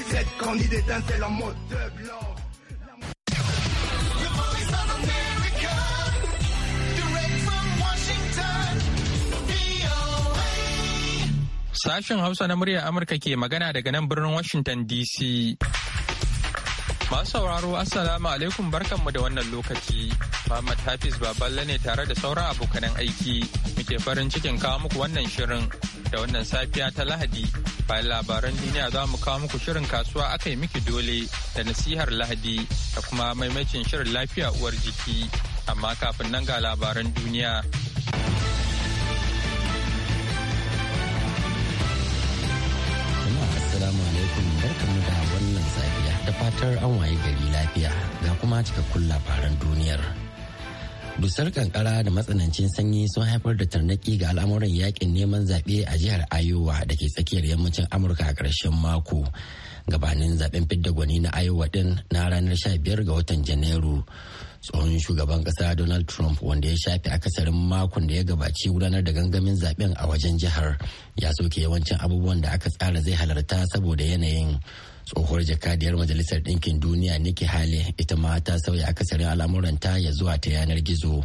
Bicyclette, en mode de blanc. Sashen Hausa na muryar Amurka ke magana daga nan birnin Washington DC. Masu sauraro Assalamu alaikum barkanmu da wannan lokaci. Muhammad Hafiz Baballe ne tare da sauran abokanan aiki muke farin cikin kawo muku wannan shirin da wannan safiya ta Lahadi. Bayan labaran duniya za mu kawo muku shirin kasuwa aka yi miki dole da nasihar Lahadi da kuma maimacin shirin lafiya uwar jiki. Amma kafin nan ga labaran duniya. Assalamu alaikum barkamu da wannan safiya da fatar an waye gari lafiya ga kuma cikakkun labaran duniyar. dusar kankara da matsanancin sanyi sun haifar da tarnaki ga al'amuran yakin neman zaɓe a jihar ayowa da ke tsakiyar yammacin amurka a ƙarshen mako gabanin zaɓen fidda gwani na ayowa din na ranar 15 ga watan janairu tsohon shugaban ƙasa donald trump wanda ya shafe akasarin makon da ya gabaci gudanar da gangamin zaɓen a wajen jihar ya soke yawancin abubuwan da aka tsara zai halarta saboda yanayin tsohuwar jakadiyar majalisar ɗinkin duniya niki hale ita ma ta sauya akasarin al'amuranta ya zuwa ta yanar gizo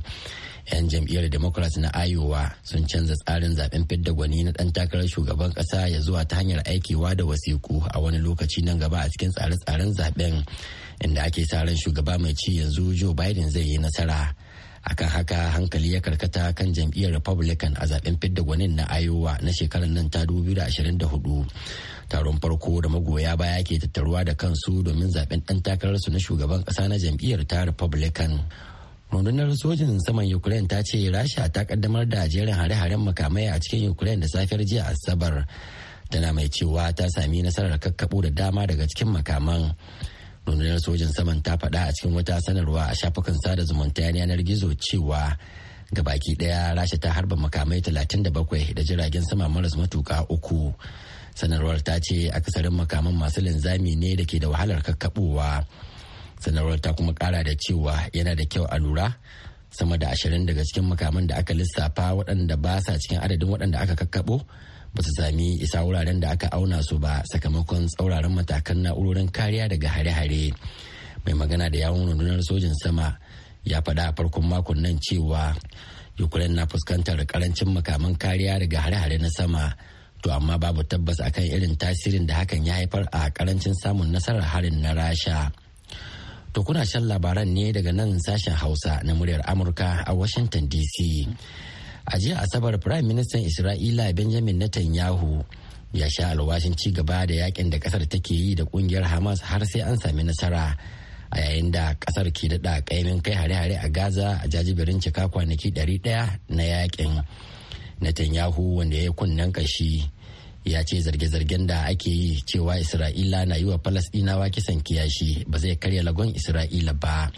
'yan jam'iyyar democrat na iowa sun canza tsarin zaben fidda gwani na ɗan takarar shugaban ƙasa ya zuwa ta hanyar aikewa da wasiku a wani lokaci nan gaba a cikin tsare-tsaren zaben inda ake sa ran shugaba mai ci yanzu joe biden zai yi nasara akan haka hankali ya karkata kan jam'iyyar republican a zaben fidda gwanin na iowa na shekarar nan ta 2024 taron farko da magoya baya ke tattaruwa da kansu domin zaben dan takararsu na shugaban kasa na jam'iyyar ta republican rundunar sojin saman ukraine ta ce rasha ta kaddamar da jerin hare-haren makamai a cikin ukraine da safiyar jiya asabar tana mai cewa ta sami nasarar kakkabo da dama daga cikin makaman rundunar sojan saman ta faɗa a cikin wata sanarwa a shafukan sada zumunta yanar gizo cewa ga baki ɗaya rasha ta harba makamai 37 da jiragen sama maras matuka uku sanarwar ta ce akasarin makaman masu linzami ne da ke da wahalar kakkaɓowa sanarwar ta kuma kara da cewa yana da kyau a lura sama da ashirin daga cikin makaman da aka lissafa waɗanda ba sa cikin adadin waɗanda aka kakkaɓo ba su sami isa wuraren da aka auna su ba sakamakon tsauraran matakan na'urorin kariya daga hare-hare mai magana da yawon rundunar sojin sama ya faɗa a farkon makon nan cewa ukraine na fuskantar karancin makaman kariya daga hare-hare na sama to amma babu tabbas akan irin tasirin da hakan ya haifar a karancin samun nasarar harin na rasha to kuna shan labaran ne daga nan sashen hausa na muryar amurka a washington dc a jiya asabar prime minister isra'ila benjamin netanyahu ya sha alwashin ci gaba da yakin da kasar take yi da kungiyar hamas har sai an sami nasara a yayin da kasar ke daɗa kaimin kai hare-hare a gaza a jajibirin cika kwanaki 100 na yakin netanyahu wanda ya yi kunnen kashi ya ce zarge-zargen da ake yi cewa isra'ila na yi wa falasɗinawa kisan kiyashi ba zai karya lagon isra'ila ba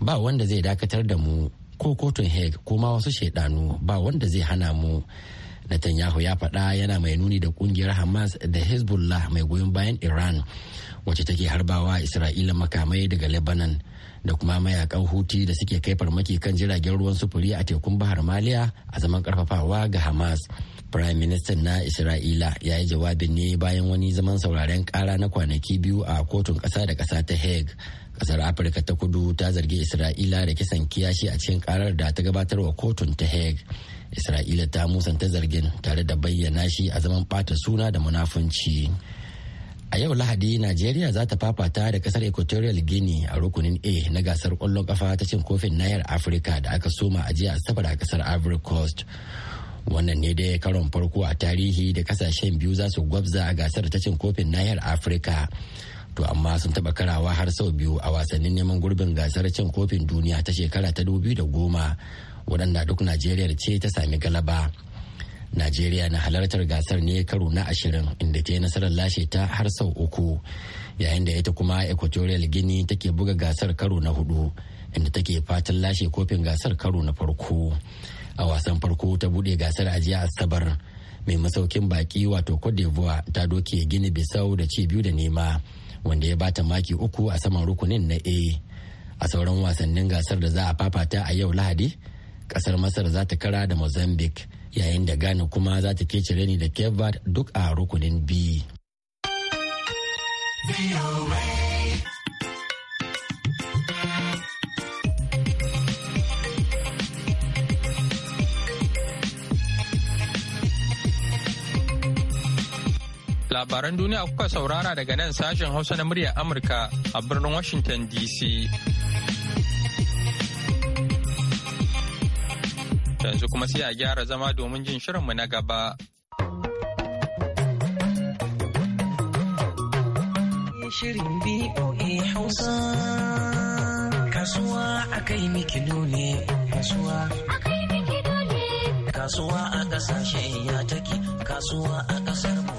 ba wanda zai dakatar da mu ko kotun hague ko ma wasu shaidanu ba wanda zai hana mu Netanyahu ya faɗa yana mai nuni da kungiyar Hamas da Hezbollah mai goyon bayan Iran wacce take harbawa Isra'ila makamai daga Lebanon da kuma mayakan huti da suke kai farmaki kan jiragen ruwan sufuri a tekun Bahar Maliya a zaman karfafawa ga Hamas. Prime Minister na Isra'ila ya yi jawabin ne bayan wani zaman sauraren kara na kwanaki biyu a kotun ƙasa da ƙasa ta Hague. Ƙasar Afirka ta kudu ta zargi Isra'ila da kisan kiyashi a cikin karar da ta gabatar wa kotun ta Hague. Isra'ila ta musanta zargin tare da bayyana shi a zaman bata suna da munafunci. A yau Lahadi, Najeriya za ta fafata da kasar Equatorial Guinea a rukunin A na gasar ƙwallon ƙafa ta cin kofin nayar Afirka da aka soma a jiya Asabar a kasar Ivory Coast. wannan ne dai karon farko a tarihi da kasashen biyu za su gwabza a gasar ta cin kofin nahiyar afirka to amma sun taba karawa har sau biyu a wasannin neman gurbin gasar cin kofin duniya ta shekara ta da goma waɗanda duk najeriya ce ta sami galaba najeriya na halartar gasar ne karo na ashirin inda ta yi nasarar lashe ta har sau uku yayin da ita kuma equatorial gini take buga gasar karo na hudu inda take fatan lashe kofin gasar karo na farko a wasan farko ta buɗe gasar ajiya asabar mai masaukin baki wato cote d'ivoire ta doke gini bisau da ci biyu da nema wanda ya bata maki uku a saman rukunin na a a sauran wasannin gasar da za a fafata a yau lahadi kasar masar za ta kara da mozambique yayin da ghana kuma za ta cire ni da cape duk a rukunin b labaran duniya kuka saurara daga nan sashen hausa na muryar amurka a birnin washington dc yanzu kuma sai a gyara zama domin jin shirinmu na gaba Kasuwa a kai ya take, kasuwa a kasar mu.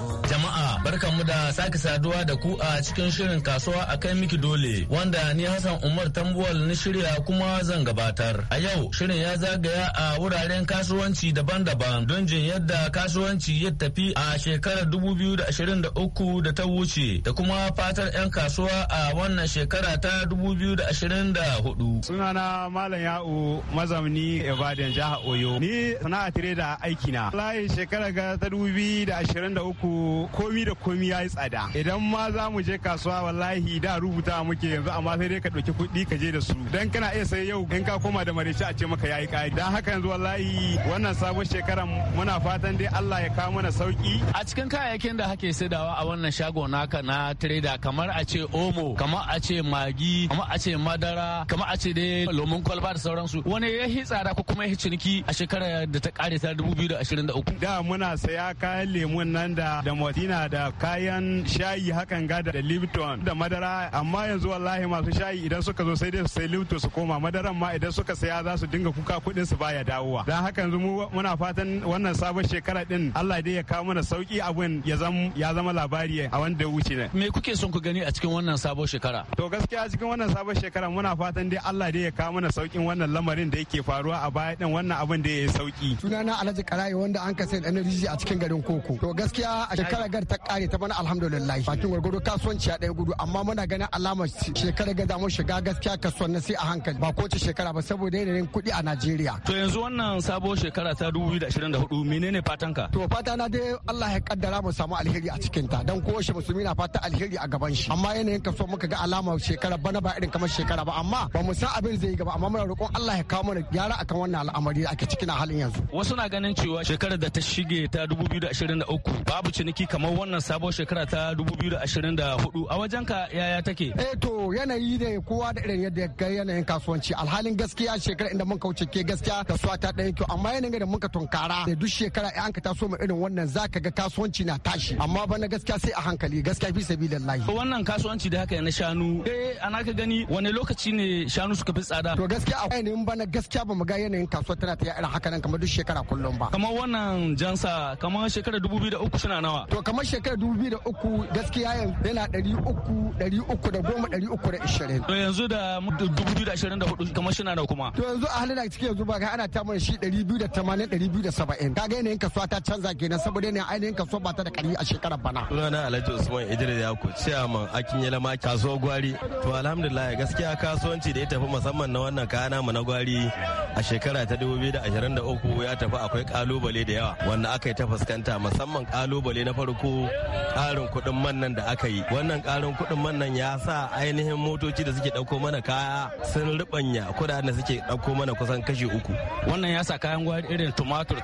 mu da sake saduwa da ku a cikin shirin kasuwa a kai miki dole wanda ni Hassan Umar Tambuwal na shirya kuma zan gabatar. A yau shirin ya zagaya a wuraren kasuwanci daban-daban don jin yadda kasuwanci ya tafi a shekarar 2023 da ta wuce da kuma fatar 'yan kasuwa a wannan shekara ta 2024. Sunana Malam Ya'u mazamni Ibadan jihar Oyo. Ni sana'a tire da aiki na. Layi shekara ga ta 2023 komi da komi ya yi tsada idan ma za mu je kasuwa wallahi da rubuta muke yanzu amma sai dai ka ɗauki kuɗi ka je da su dan kana iya sai yau in ka koma da mareci a ce maka ya yi ƙari dan haka yanzu wallahi wannan sabon shekaran muna fatan dai Allah ya kawo mana sauki a cikin kayayyakin da hake saidawa a wannan shago naka na trader kamar a ce omo kamar a ce magi kamar a ce madara kamar a ce dai lomin kwalba da sauransu wani ya hi tsada ko kuma ya hi ciniki a shekarar da ta ƙare ta 2023 da muna saya kayan lemun nan da da madina da kayan shayi hakan ga da Lipton da madara amma yanzu wallahi masu shayi idan suka zo sai dai su sai Lipton su koma madaran ma idan suka saya za su dinga kuka kudin su baya dawowa. Dan haka yanzu mu muna fatan wannan sabon shekara din Allah dai ya kawo mana sauki abin ya zama ya zama labari a wanda wuce ne. Me kuke son ku gani a cikin wannan sabon shekara? To gaskiya cikin wannan sabon shekara muna fatan dai Allah dai ya kawo mana saukin wannan lamarin da yake faruwa a baya din wannan abin da ya yi sauki. Sunana Alhaji Karayi wanda an kasance da energy a cikin garin Koko. To gaskiya a shekara gar ta kare ta bana alhamdulillah bakin gwargwado kasuwanci a ɗaya gudu amma muna ganin alamar shekara ga zamu shiga gaskiya kasuwan na sai a hankali ba kowace shekara ba saboda yanayin kuɗi a Najeriya. To yanzu wannan sabo shekara ta dubu biyu da da ashirin 2024 menene fatanka? To fata na dai Allah ya kaddara mu samu alheri a cikin ta dan kowace musulmi na fata alheri a gaban shi amma yanayin kasuwan muka ga alamar shekara bana ba irin kamar shekara ba amma ba mu san abin zai yi gaba amma muna roƙon Allah ya kawo mana gyara akan wannan al'amari da ake cikin halin yanzu. Wasu na ganin cewa shekarar da ta shige ta dubu biyu da da ashirin uku babu ciniki kamar wannan wannan sabon shekara ta 2024 a wajen ka yaya take? Eh to yanayi da kowa da irin yadda ga yanayin kasuwanci alhalin gaskiya shekara inda mun kauce ke gaskiya kasuwa ta dan kyau amma yanayin da muka tunkara da duk shekara an ka taso mu irin wannan zaka ga kasuwanci na tashi amma na gaskiya sai a hankali gaskiya fi sabilillahi. Wannan kasuwanci da haka na shanu eh ana ka gani wani lokaci ne shanu suka fi tsada? To gaskiya a ba na gaskiya ba mu ga yanayin kasuwa tana ta irin haka nan kamar duk shekara kullum ba. Kamar wannan jansa kamar shekara 2003 suna nawa? To kamar shekara shekarar dubu da uku gaskiya yana ɗari uku ɗari uku da goma ɗari uku da ishirin. to yanzu da dubu biyu da ashirin da hudu kamar shina da kuma. to yanzu a halin da cikin yanzu ba ka ana ta mana shi ɗari biyu da tamanin ɗari biyu da saba'in ka ga yanayin kasuwa ta canza kenan saboda yanayin ainihin kasuwa ba ta da ƙari a shekarar bana. sunana alhaji usman idris yako ciyaman akin yalama kasuwa gwari to alhamdulillah gaskiya kasuwanci da ya tafi musamman na wannan kaya mu na gwari a shekara ta dubu biyu da da ashirin uku ya tafi akwai kalubale da yawa wanda aka yi ta fuskanta musamman kalubale na farko ƙarin kuɗin man nan da aka yi wannan ƙarin kudin man nan ya sa ainihin motoci da suke ɗauko mana kaya sun rubanya kudaden da suke ɗauko mana kusan kashi uku wannan ya sa kayan gwari irin tumatur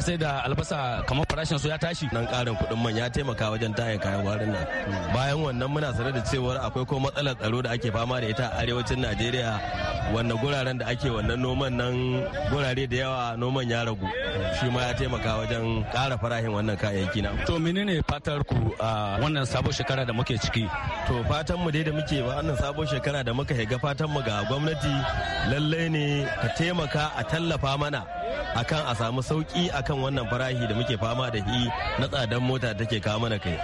sai da albasa kamar farashin su ya tashi nan karin kudin man ya taimaka wajen tayin kayan gwarin nan bayan wannan muna sanar da cewa akwai ko matsalar tsaro da ake fama da ita a arewacin najeriya wanda guraren da ake wannan noman nan gurare da yawa noman ya ragu shi ma ya taimaka wajen kara farahin wannan kayayyaki na to menene fatar ku a wannan sabon shekara da muke ciki to fatan mu dai da muke ba wannan sabon shekara da muka shiga fatan mu ga gwamnati lallai ne ka taimaka a tallafa mana akan a samu sauki akan wannan farahi da muke fama da shi na tsadan mota take kawo mana kai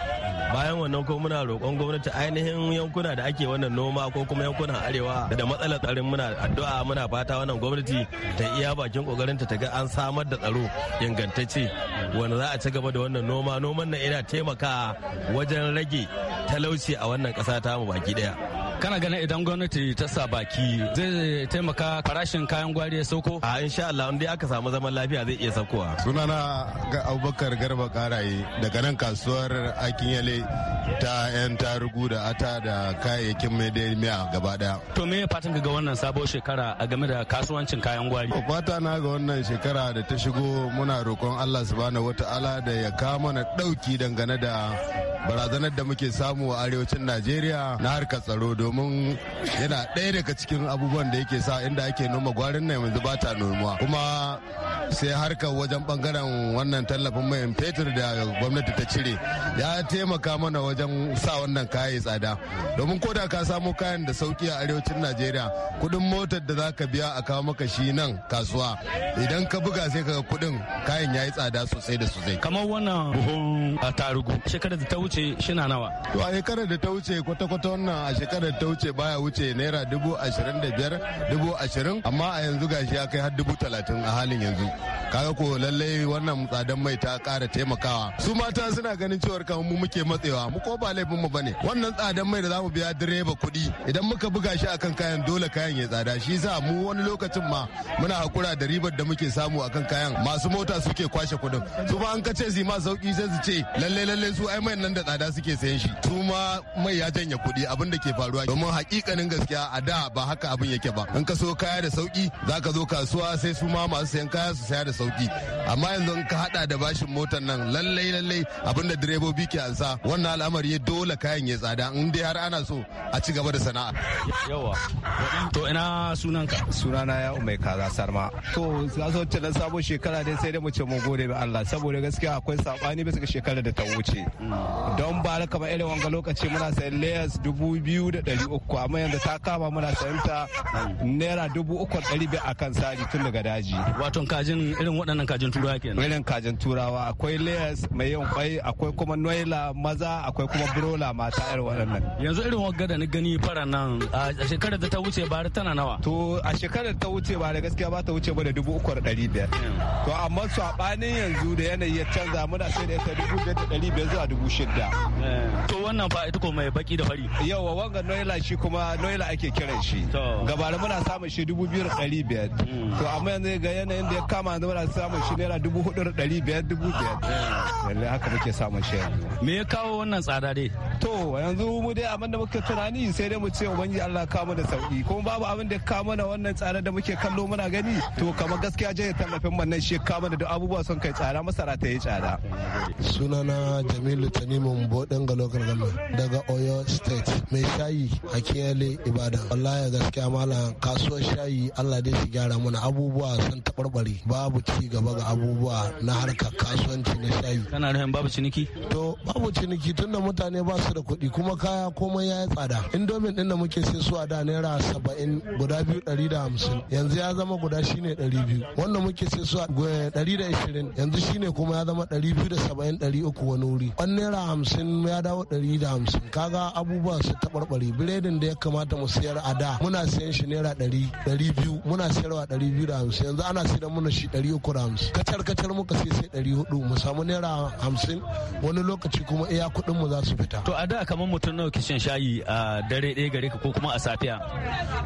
bayan wannan ko muna roƙon gwamnati ainihin yankuna da ake wannan noma ko kuma yankunan arewa da matsalar tsarin muna addu'a muna fata wannan gwamnati ta iya bakin kokarinta ta ga an samar da tsaro ingantacce wanda za a ci gaba da wannan noma noman nan yana taimaka wajen rage talauci a wannan ƙasa ta mu baki daya kana ganin idan gwamnati ta sa baki zai taimaka farashin kayan gwari ya sauko a insha Allah in dai aka samu zaman lafiya zai iya saukowa sunana ga Abubakar Garba Karaye daga nan kasuwar Akinyele ta yan tarugu da ata da kayayyakin mai da miya gaba daya to me fatan ga wannan sabon shekara a game da kasuwancin kayan gwari fata na ga wannan shekara da ta shigo muna roƙon Allah subhanahu wata'ala da ya kama na ɗauki dangane da barazanar da muke samu a arewacin Najeriya na harkar tsaro domin yana ɗaya daga cikin abubuwan da yake sa inda ake noma gwarin na yanzu ba ta nomuwa kuma sai harkar wajen bangaren wannan tallafin mai fetur da gwamnati ta cire ya taimaka mana wajen sa wannan kaya tsada domin ko da ka samo kayan da sauki a arewacin najeriya kudin motar da za ka biya a kawo maka shi nan kasuwa idan ka buga sai ka kudin kayan ya yi tsada sosai da sosai kamar wannan buhun a tarugu shekarar da ta wuce shina nawa to a shekarar da ta wuce kwata-kwata wannan a shekarar da ta wuce baya wuce naira dubu ashirin da biyar dubu ashirin amma a yanzu gashi ya kai har dubu talatin a halin yanzu kaga ko lallai wannan tsadan mai ta kara taimakawa su mata suna ganin cewar kamar mu muke matsewa mu ko ba laifin mu bane wannan tsadan mai da zamu biya direba kuɗi idan muka buga shi akan kayan dole kayan ya tsada shi yasa mu wani lokacin ma muna hakura da ribar da muke samu akan kayan masu mota suke kwashe kuɗin su ba an kace su ma sauki sai su ce lallai lallai su ai mai nan da tsada suke sayan shi su ma mai ya janya kuɗi abin da ke faruwa domin hakikanin gaskiya a da ba haka abin yake ba in ka so kaya da sauki zaka zo kasuwa sai su ma masu sayan kaya su su saya da sauki amma yanzu ka hada da bashin motar nan lallai lallai abinda direbobi ke ansa wannan al'amari ya dole kayan ya tsada in dai har ana so a ci gaba da sana'a yawa to ina sunanka sunana ya umai kaza sarma to su ta dan sabon shekara dai sai dai mu ce mu gode bi Allah saboda gaskiya akwai sabani bisa ga shekarar da ta wuce don ba kamar irin wanga lokaci muna sayan layers dubu biyu da ɗari uku amma yanzu ta kama muna sayan ta naira dubu uku ɗari biyu akan sari tun daga daji wato kaji kajin irin waɗannan kajin turawa kenan irin kajin turawa akwai layers mai yin kwai akwai kuma noila maza akwai kuma brola mata irin waɗannan yanzu irin wagga da ni gani fara nan a shekarar da ta wuce bare tana nawa to a shekarar ta wuce bare gaskiya ba ta wuce ba da dubu uku da ɗari biyar to amma saɓanin yanzu da yanayi ya canza muna sai da ita dubu biyar da ɗari biyar zuwa dubu shida eh. to wannan fa ita ko mai baki da fari yawa wanga noila shi kuma noila ake kiran shi gabara muna samun shi dubu biyar da ɗari biyar hmm. to amma yanzu ga yanayin da ya kama kama yanzu muna samun shi naira dubu hudu da ɗari biyar dubu biyar. Yalle ah. haka muke samun shi yanzu. Me ya kawo wannan tsada dai? to yanzu mu dai abin da muke tunani sai dai mu ce ubangi Allah ka mu da sauki kuma babu abin da ka mana wannan tsare da muke kallo muna gani to kamar gaskiya ya tallafin man nan shi ka mana da abubuwa sun kai tsada masara ta yi tsada sunana Jamilu Tanimu Mbodin Galo Gargama daga Oyo State mai shayi a Kiyale Ibadan wallahi gaskiya malam kasuwar shayi Allah dai shi gyara mana abubuwa sun tabarbare babu ci gaba ga abubuwa na harkar kasuwanci na shayi kana rahin babu ciniki to babu ciniki tunda mutane ba su su da kuɗi kuma kaya komai ya yi tsada indomin ɗin da muke sai su a da naira saba'in guda biyu ɗari da hamsin yanzu ya zama guda shine ɗari biyu wanda muke sai su a ɗari da ashirin yanzu shine kuma ya zama ɗari biyu da saba'in ɗari uku wani wuri wani naira hamsin ya dawo ɗari da hamsin kaga abubuwa su taɓarɓare biredin da ya kamata mu sayar a da muna sayan shi naira ɗari ɗari biyu muna sayarwa ɗari biyu da hamsin yanzu ana sayar muna shi ɗari uku da hamsin kacar kacar muka sai sai ɗari hudu mu samu naira hamsin wani lokaci kuma iya kuɗin mu za su fita. to a da kamar mutum nawa kishin shayi a dare ɗaya gare ka ko kuma a safiya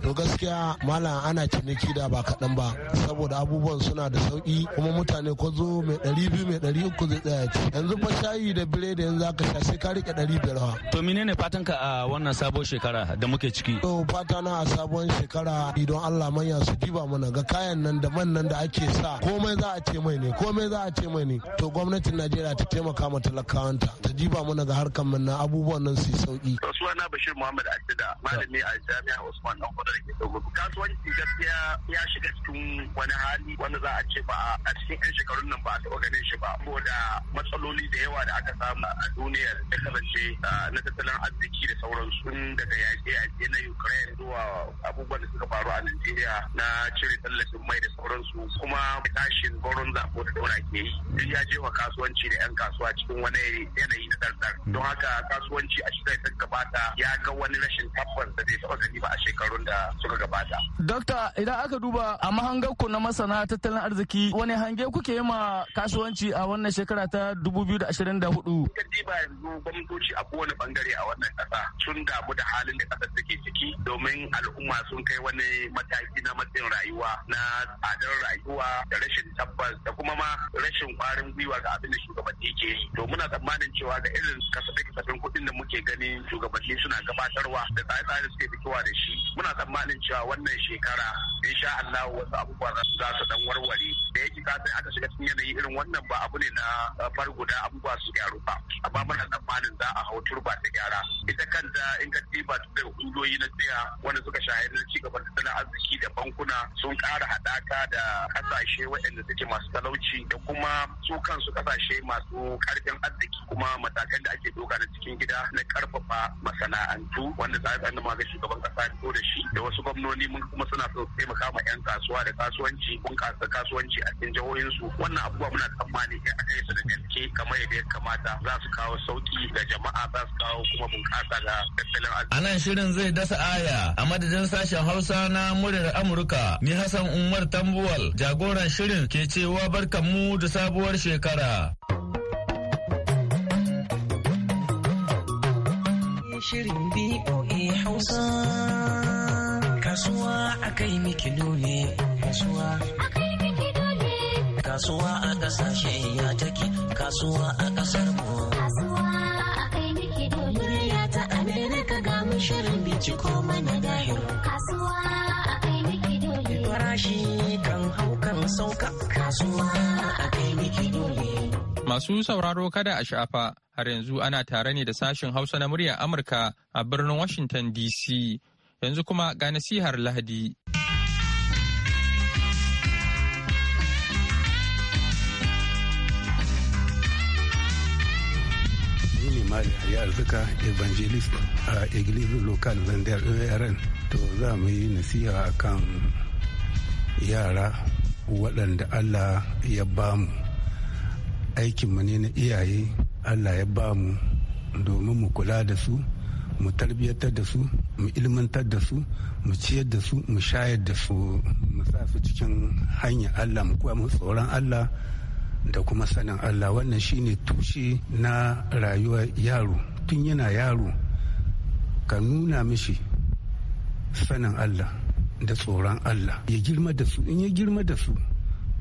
to gaskiya malam ana ciniki da ba kaɗan ba saboda abubuwan suna da sauki kuma mutane ko zo mai ɗari biyu mai ɗari uku zai tsaya ci yanzu fa shayi da biredi yanzu zaka sha sai ka rike ɗari biyar ha to menene fatan ka a wannan sabon shekara da muke ciki to fata na a sabon shekara idan Allah manya su diba mana ga kayan nan da man nan da ake sa komai za a ce mai ne komai za a ce mai ne to gwamnatin Najeriya ta taimaka ma talakawanta ta diba mana ga harkar na abubuwa abubuwan nan su yi sauki. na Bashir Muhammad Adida malami a jami'a Usman Dan Kudar da ke Sokoto. Kasuwanci gaskiya ya shiga cikin wani hali wanda za a ce ba a cikin 'yan shekarun nan ba a taɓa ganin shi ba. Saboda matsaloli da yawa da aka samu a duniya da kasance na tattalin arziki da sauransu daga yaƙe-yaƙe na Ukraine zuwa abubuwan da suka faru a Najeriya na cire tallafin mai da sauransu kuma tashin goron zabo da ke yi. Duk ya wa kasuwanci da 'yan kasuwa cikin wani yanayi na ɗarɗar. Don haka kasuwanci a shirya ta gabata ya ga wani rashin tabbas da zai taɓa gani ba a shekarun da suka gabata. Dokta idan aka duba a mahangar ku na masana tattalin arziki wani hange kuke yi ma kasuwanci a wannan shekara ta 2024? Kadi ba yanzu gwamnatoci a kowane bangare a wannan ƙasa sun damu da halin da ƙasar take ciki domin al'umma sun kai wani mataki na matsayin rayuwa na tsadar rayuwa da rashin tabbas da kuma ma rashin kwarin gwiwa ga abin da shugabanni ke yi. To muna tsammanin cewa da irin kasafin kasafin kuɗi dokokin da muke ganin shugabanni suna gabatarwa da tsare-tsare suke fitowa da shi muna tsammanin cewa wannan shekara insha Allah wasu abubuwa za su dan warware da yake ka san aka shiga cikin yanayi irin wannan ba abu ne na farguda abubuwa su gyaru ba amma muna tsammanin za a hau turba ta gyara ita kanta in ka ba da kungiyoyi na tsaya wanda suka shahara da ci gaban tattalin arziki da bankuna sun kara haɗaka da ƙasashe waɗanda suke masu talauci da kuma su kansu ƙasashe masu ƙarfin arziki kuma matakan da ake doka na cikin gida na karfafa masana'antu wanda za tsarin ma ga shugaban kasa ko da shi da wasu gwamnoni mun kuma suna so mu kama yan kasuwa da kasuwanci mun kasa kasuwanci a cikin jihohin su wannan abubuwa muna tsammani in kai su da gaske kamar yadda ya kamata za su kawo sauki ga jama'a za su kawo kuma bunƙasa ga tattalin arziki. Anan shirin zai dasa aya a madadin sashen Hausa na muryar Amurka ni Hassan Umar Tambuwal jagoran shirin ke cewa mu da sabuwar shekara. Shirin BOA Hausa. Kasuwa a kai mikido ne. Kasuwa a Kasuwa a kasashe ya take. Kasuwa a kasar mu. Kasuwa a kai mikido ne. Ya ta Amerika ga mu shirin ko mana dahil. Kasuwa a kai mikido ne. Farashi kan hau kan sauka. Kasuwa a kai mikido ne. Masu sauraro kada a shafa har yanzu ana tare ne da sashen Hausa na muryar Amurka a birnin Washington DC. Yanzu kuma ga nasihar Lahadi. mali a evangelist a local vendor to za mu yi nasiha akan yara waɗanda allah ya bamu aikinmu ne na iyaye allah ya ba mu domin mu kula da su mu tarbiyyatar da su mu ilmantar da su mu ciyar da su mu shayar da su mu sa su cikin hanyar allah mu kuma mu tsoron allah da kuma sanin allah wannan shine tushe na rayuwar yaro tun yana yaro ka nuna mishi sanin allah da tsoron allah ya girma da su in ya girma da su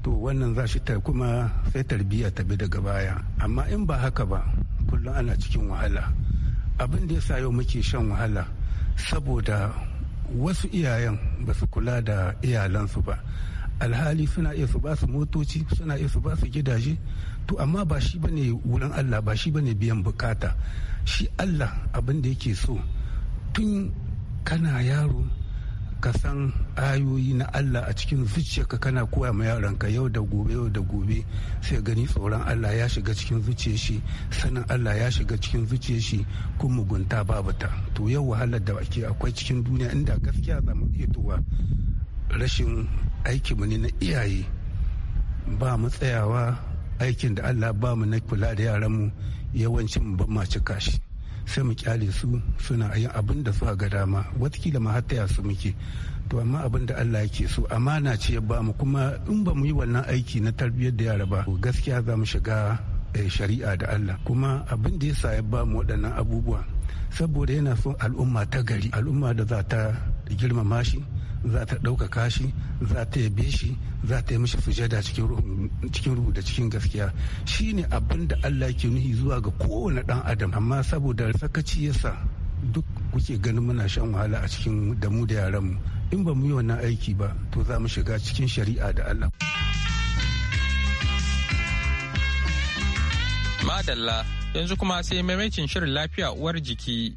to wannan za shi ta kuma sai tarbiyya ta bi daga baya amma in ba haka ba kullum ana cikin wahala abin da ya sa yau muke shan wahala saboda wasu iyayen ba su kula da iyalansu ba alhali suna iya su ba su motoci suna iya su ba su gidaje to amma ba shi ne wurin Allah ba shi ne biyan bukata shi Allah abin da yake so tun kana yaro ka san ayoyi na Allah a cikin zuciyarka kana koya ma yaranka yau da gobe yau da gobe sai gani tsoron Allah ya shiga cikin zuciyar shi sanin Allah ya shiga cikin zuciyar shi kun mugunta babu ta to yau wahalar da ake akwai cikin duniya inda gaskiya za mu iya tuwa rashin aiki mu ne na iyaye ba mu tsayawa aikin da Allah ba mu na kula da yaran mu yawancin ban ma cika shi sai mu kyale su suna yin abin da suka ga dama watakila ma har su muke to amma abin da Allah yake so amana ce ya bamu kuma in ba mu yi wannan aiki na tarbiyyar da yara ba gaskiya za mu shiga eh, shari'a da Allah kuma abin da yasa ya bamu waɗannan abubuwa saboda yana son al'umma ta gari al'umma da za ta girmama shi za ta ɗaukaka shi za ta yabe shi za ta yi mashi sujada cikin ruhu da cikin gaskiya shi ne abin da allah ke nuhi zuwa ga kowane ɗan adam amma saboda sakaci yasa duk kuke ganin muna shan wahala a cikin damu da yaran mu in ba mu yi wannan aiki ba to za mu shiga cikin shari'a da allah madalla yanzu kuma sai maimakin shirin lafiya uwar jiki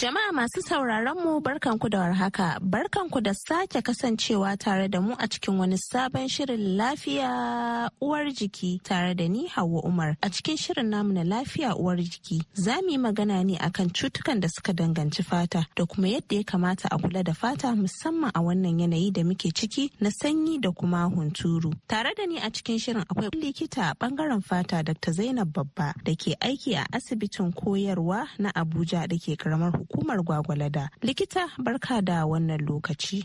Jama'a masu sauraron mu barkanku da warhaka, barkanku da sake kasancewa tare da mu a cikin wani sabon shirin lafiya uwar jiki tare da ni Hauwa Umar. A cikin shirin namu na lafiya uwar jiki, za mu yi magana ne akan cutukan da suka danganci fata da kuma yadda ya kamata a kula da fata musamman a wannan yanayi da muke ciki na sanyi da kuma hunturu. Tare da ni a cikin shirin akwai likita a bangaren fata Dr. Zainab Babba da ke aiki a asibitin koyarwa na Abuja da ke karamar hukumar Gwagwalada. Likita barka da wannan lokaci.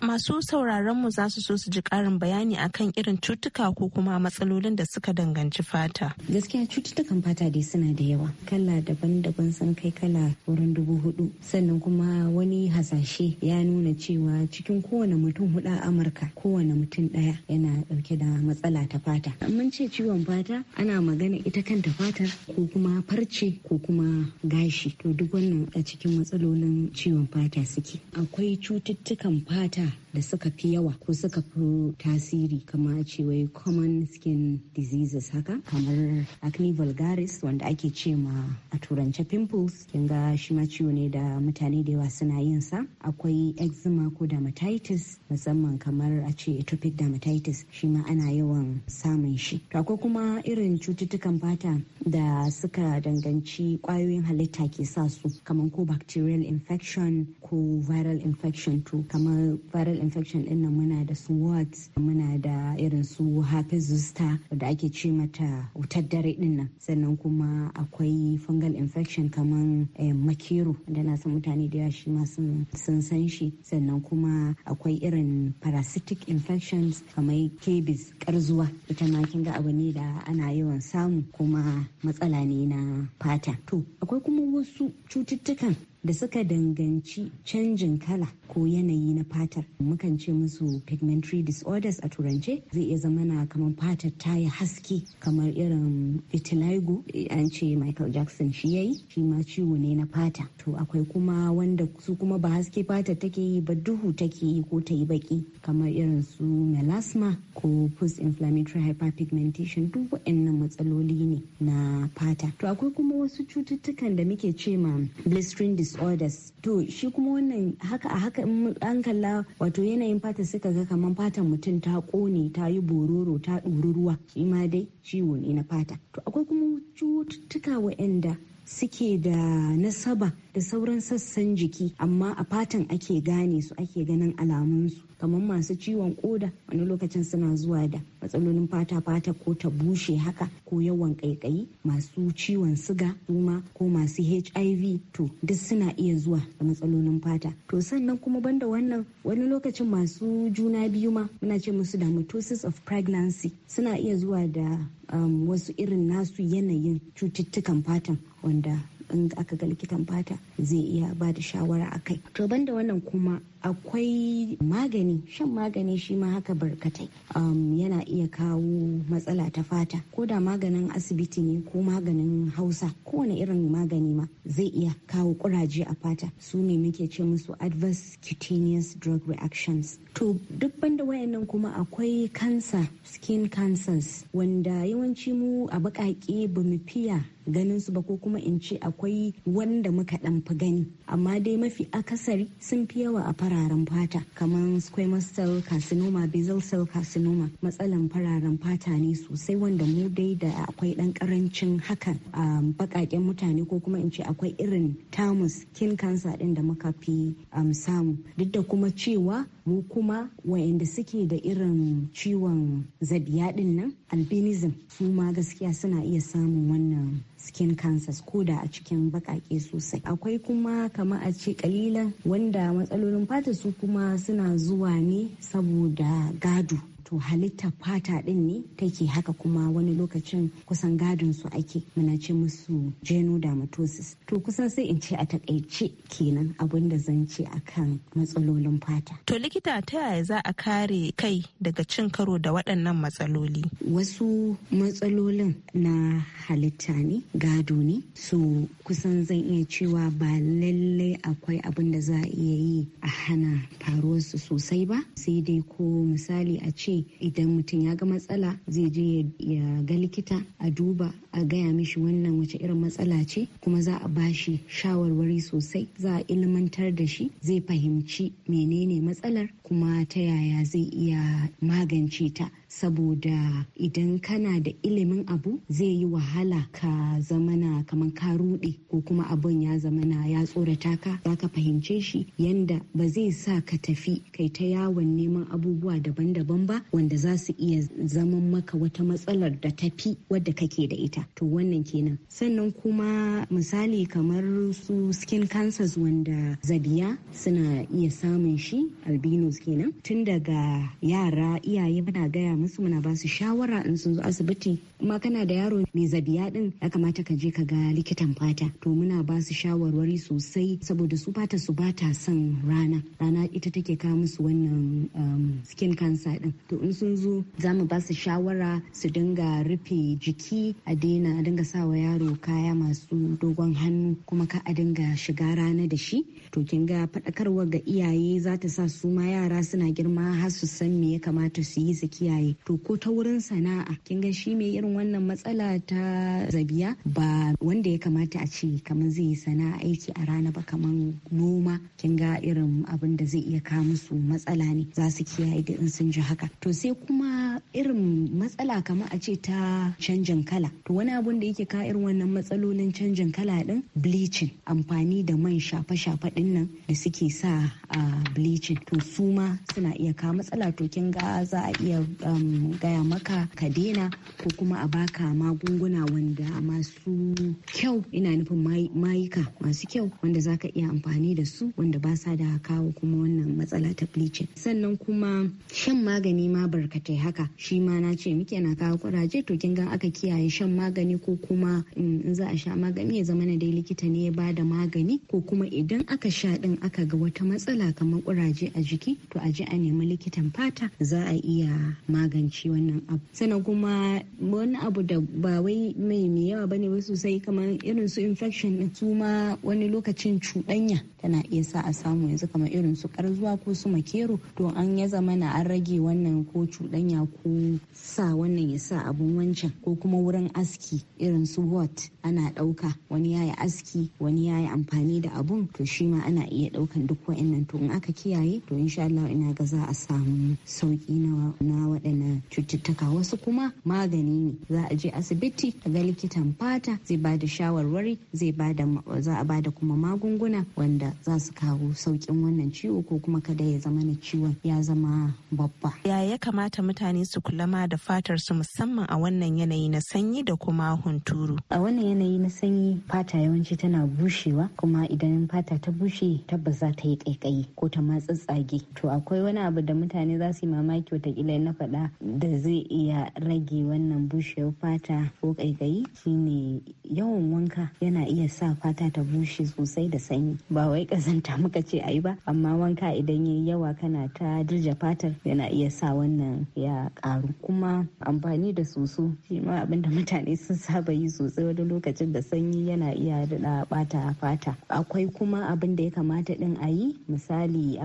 Masu sauraron mu za su so su ji karin bayani akan irin cutuka ko kuma matsalolin da suka danganci fata. Gaskiya cututtukan fata dai suna da yawa. Kala daban-daban sun kai kala wurin dubu hudu. Sannan kuma wani hasashe ya nuna cewa cikin kowane mutum hudu a Amurka kowane mutum daya yana dauke da matsala ta fata. Mun ce ciwon fata ana magana ita kanta fatar ko kuma farce ko kuma gashi. To duk wannan a cikin matsalolin ciwon fata suke akwai cututtukan fata da suka fi yawa ko suka fi tasiri kamar cewa wai common skin diseases haka kamar acne vulgaris wanda ake ce ma a turance pimples kin ga shi ma ciwo ne da mutane da yawa suna yin sa akwai eczema ko dermatitis musamman kamar a ce atopic dermatitis shi ma ana yawan samun shi to akwai kuma irin cututtukan fata da suka danganci kwayoyin halitta ke sa su kamar ko bacterial infection ko viral infection to kamar viral infection din nan muna da su wards muna da irin su herpes zoster da ake ce mata wutar dare din nan sannan kuma akwai fungal infection kamar eh, makero da na san mutane da shi ma sun san shi sannan kuma akwai irin parasitic infections kamar kebis karzuwa ita ma kin ga abu ne da ana yawan samu kuma matsala ne na fata to akwai kuma wasu cututtukan da suka danganci canjin kala ko yanayi na fatar mukan ce musu pigmentary disorders a turance zai iya zama na kamar fatar ta yi haske kamar irin vitiligo an ce michael jackson shi yayi shi ma ciwo ne na fata to akwai kuma wanda su kuma ba haske fata take yi ba duhu take yi ko ta yi baki kamar irin su melasma ko post inflammatory hyperpigmentation duk waɗannan matsaloli ne na fata to akwai kuma wasu cututtukan da muke ce ma blistering disorder disorders to shi kuma wannan haka a haka an kalla wato yanayin fata suka ga kamar fatan mutum ta kone ta yi bororo ta ɗori ruwa shi ma dai ciwo ne na fata to akwai kuma cututtuka waɗanda suke da nasaba da sauran sassan jiki amma a fatan ake gane su ake ganin alamunsu kamar masu ciwon koda wani lokacin suna zuwa da matsalolin fata fata ko ta bushe haka ko yawan kaikayi masu ciwon siga kuma ko masu hiv to duk suna iya zuwa da matsalolin fata to sannan kuma banda wannan wani lokacin masu juna biyu ma muna ce musu da mitosis of pregnancy suna iya zuwa da um, wasu irin nasu yanayin cututtukan fatan wanda in aka ga likitan fata zai iya ba da shawara a kai to banda wannan kuma akwai magani shan magani shi ma haka barkatai um, yana iya kawo matsala ta fata ko da maganin asibiti ne ko maganin hausa kowane irin magani ma zai iya kawo kuraje a fata su ne muke ce musu adverse cutaneous drug reactions to duk banda wayannan kuma akwai cancer skin cancers wanda yawanci mu a baƙaƙe bamu fiya ganin su ba ko kuma in ce akwai wanda muka dan fi gani amma dai mafi akasari sun fi yawa a fararen fata kamar squamous cell carcinoma basal cell carcinoma matsalan fararen fata ne sosai wanda mu dai da akwai dan karancin hakan a bakaken mutane ko kuma in ce akwai irin tamus kin cancer din da muka fi um, samu duk da kuma cewa mu kuma wayanda suke da irin ciwon zabiya nan albinism su ma gaskiya suna iya samun wannan skin cancers ko da a cikin bakake sosai akwai kuma kama a ce kalilan wanda matsalolin fata su kuma suna zuwa ne saboda gado to halitta fata din ne take haka kuma wani lokacin kusan gadon su ake muna ce musu genodermatosis to kusan sai in ce a takaice kenan abin da zan ce akan matsalolin fata to likita ta yaya za a kare kai daga cin karo da waɗannan matsaloli wasu matsalolin na halitta ne gado ne so kusan zan iya cewa ba lallai akwai abin da za a iya yi a hana faruwarsu sosai ba sai dai ko misali a ce ne idan mutum ya ga matsala zai je ya ga likita a duba a gaya mishi wannan wace irin matsala ce kuma za a bashi shawarwari sosai za a ilmantar da shi zai fahimci menene matsalar kuma ta yaya zai iya magance ta saboda idan kana da ilimin abu zai yi wahala ka zamana kamar ka rude ko kuma abin ya zamana ya tsorata ka za ka fahimce shi yanda ba zai sa ka tafi kai ta yawon neman abubuwa daban-daban ba wanda za su iya zaman maka wata matsalar da tafi wadda kake da ita to wannan kenan sannan kuma misali kamar su skin cancers wanda zabiya suna iya samun shi albinos kenan tun daga yara iyaye muna gaya musu muna ba su shawara in sun zo asibiti kuma kana da yaro mai zabiya din ya kamata ka je ka ga likitan fata to muna ba su shawarwari sosai saboda su fata su ba ta son rana rana ita take kawo musu wannan um, skin cancer din to in sun zo za mu ba su shawara su dinga rufe jiki a daina a dinga sawa yaro kaya masu dogon hannu kuma ka a dinga shiga rana da shi to kin ga faɗakarwa ga iyaye za ta sa su ma yara suna girma har su san me ya kamata su yi su kiyaye to ko ta wurin sana'a kin ga shi mai irin wannan matsala ta zabiya ba wanda ya kamata a ce kamar zai yi sana'a aiki a rana ba kamar noma kin ga irin abin da zai iya kawo musu matsala ne za su kiyaye da in sun ji haka to sai kuma irin matsala kamar a ce ta canjin kala to wani abun da yake ka irin wannan matsalolin canjin kala din bleaching amfani da man shafe-shafe din nan da suke sa a bleaching to su ma suna iya kawo matsala to kin ga za a iya um, gaya maka ka daina ko kuma a baka magunguna wanda masu kyau ina nufin mayuka masu kyau wanda za ka iya amfani da su wanda ba sa da kawo kuma wannan matsala ta bleaching sannan kuma shan magani ma barkatai haka shi ma na ce muke na kawo kuraje to kin gan aka kiyaye shan magani ko kuma in za a sha magani ya zama na dai likita ne ya ba da magani ko kuma idan aka sha din aka ga wata matsala kamar kuraje a jiki to a je a nemi likitan fata za a iya magani magance wannan abu sannan kuma wani abu da ba wai mai mai yawa bane ba sosai kamar irin su infection na tuma wani lokacin cuɗanya tana iya sa a samu yanzu kamar irin su karzuwa ko su makero to an ya zama na an rage wannan ko cuɗanya ko sa wannan ya sa abun wancan ko kuma wurin aski irin su what ana ɗauka wani yayi aski wani yayi amfani da abun to shi ma ana iya ɗaukan duk wa'annan to in aka kiyaye to insha Allah ina ga za a samu sauki na waɗannan na cututtuka wasu kuma magani ne za a je asibiti a ga likitan fata zai ba da shawarwari zai ba da za a ba kuma magunguna wanda za su kawo sauƙin wannan ciwo ko kuma kada ya zama na ciwon ya zama babba ya ya kamata mutane su kula ma da fatar su musamman a wannan yanayi na sanyi da kuma hunturu a wannan yanayi na sanyi fata yawanci tana bushewa kuma idan fata ta bushe tabbas za ta yi kaikayi ko ta matsatsage to akwai wani abu da mutane za su yi mamaki watakila na faɗa da zai iya rage wannan bushewar fata ko ƙaiƙayi shine yawan wanka yana iya sa fata ta bushe sosai da sanyi ba wai ƙazanta muka ce ayi ba amma wanka idan yayi yawa kana ta dirja fatar yana iya sa wannan ya ƙaru kuma amfani da soso shi ma abinda mutane sun saba yi sosai wani lokacin da sanyi yana iya daɗa ɓata fata akwai kuma abin da ya kamata ɗin a yi misali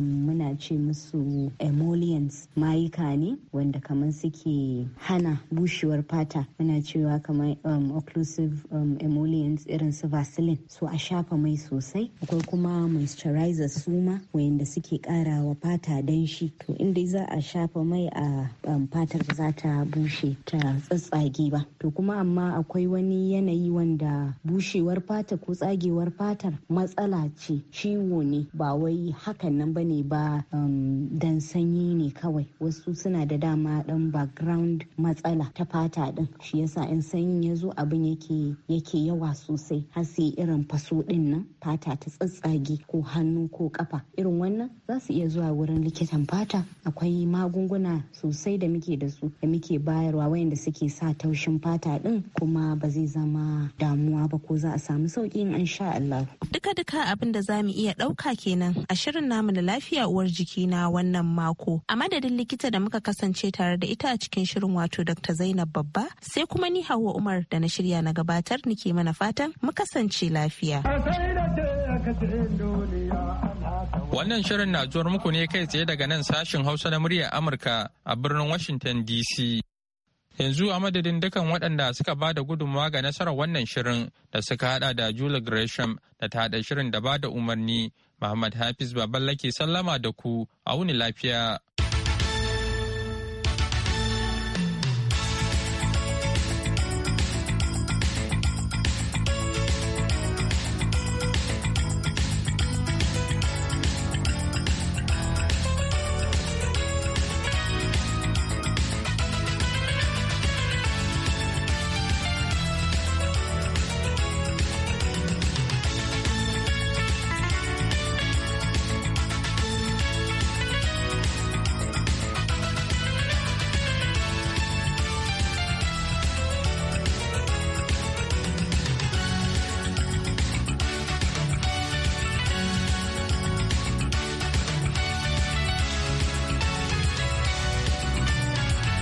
muna ce musu emollients mayuka ne wanda kamar suke hana bushewar fata muna cewa kamar um, occlusive um, emollients irin su vaseline so a shafa mai sosai akwai kuma moisturizer suma wayanda suke wa fata shi to inda za a shafa mai a um, fatar za ta bushe ta tsatsage ba to kuma amma akwai wani yanayi wanda bushewar fata ko tsagewar fatar matsala ce ciwo ne ba wai hakan nan bane ba um, dan sanyi ne kawai wasu suna da dama dan background matsala ta fata ɗin shi yasa in sanyi ya zo abin yake yake yawa sosai har sai irin faso din nan fata ta tsatsage ko hannu ko kafa irin wannan za su iya zuwa wurin likitan fata akwai magunguna sosai da muke da su da muke bayarwa wayanda suke sa taushin fata ɗin kuma ba zai zama damuwa ba ko za a samu sauki in sha Allah duka duka abin da zamu iya dauka kenan a shirin namu da lafiya uwar jiki na wannan mako a madadin likita da muka kasance kasance tare da ita a cikin shirin wato Dr. Zainab Babba sai kuma ni Hauwa Umar da na shirya na gabatar nike mana fatan mu kasance lafiya. Wannan shirin na zuwar muku ne kai tsaye daga nan sashin Hausa na muryar Amurka a birnin Washington DC. Yanzu a madadin dukan waɗanda suka ba da gudunmawa ga nasarar wannan shirin da suka hada da Julie Gresham da ta haɗa shirin da ba da umarni Muhammad Hafiz Baballake sallama da ku a wuni lafiya.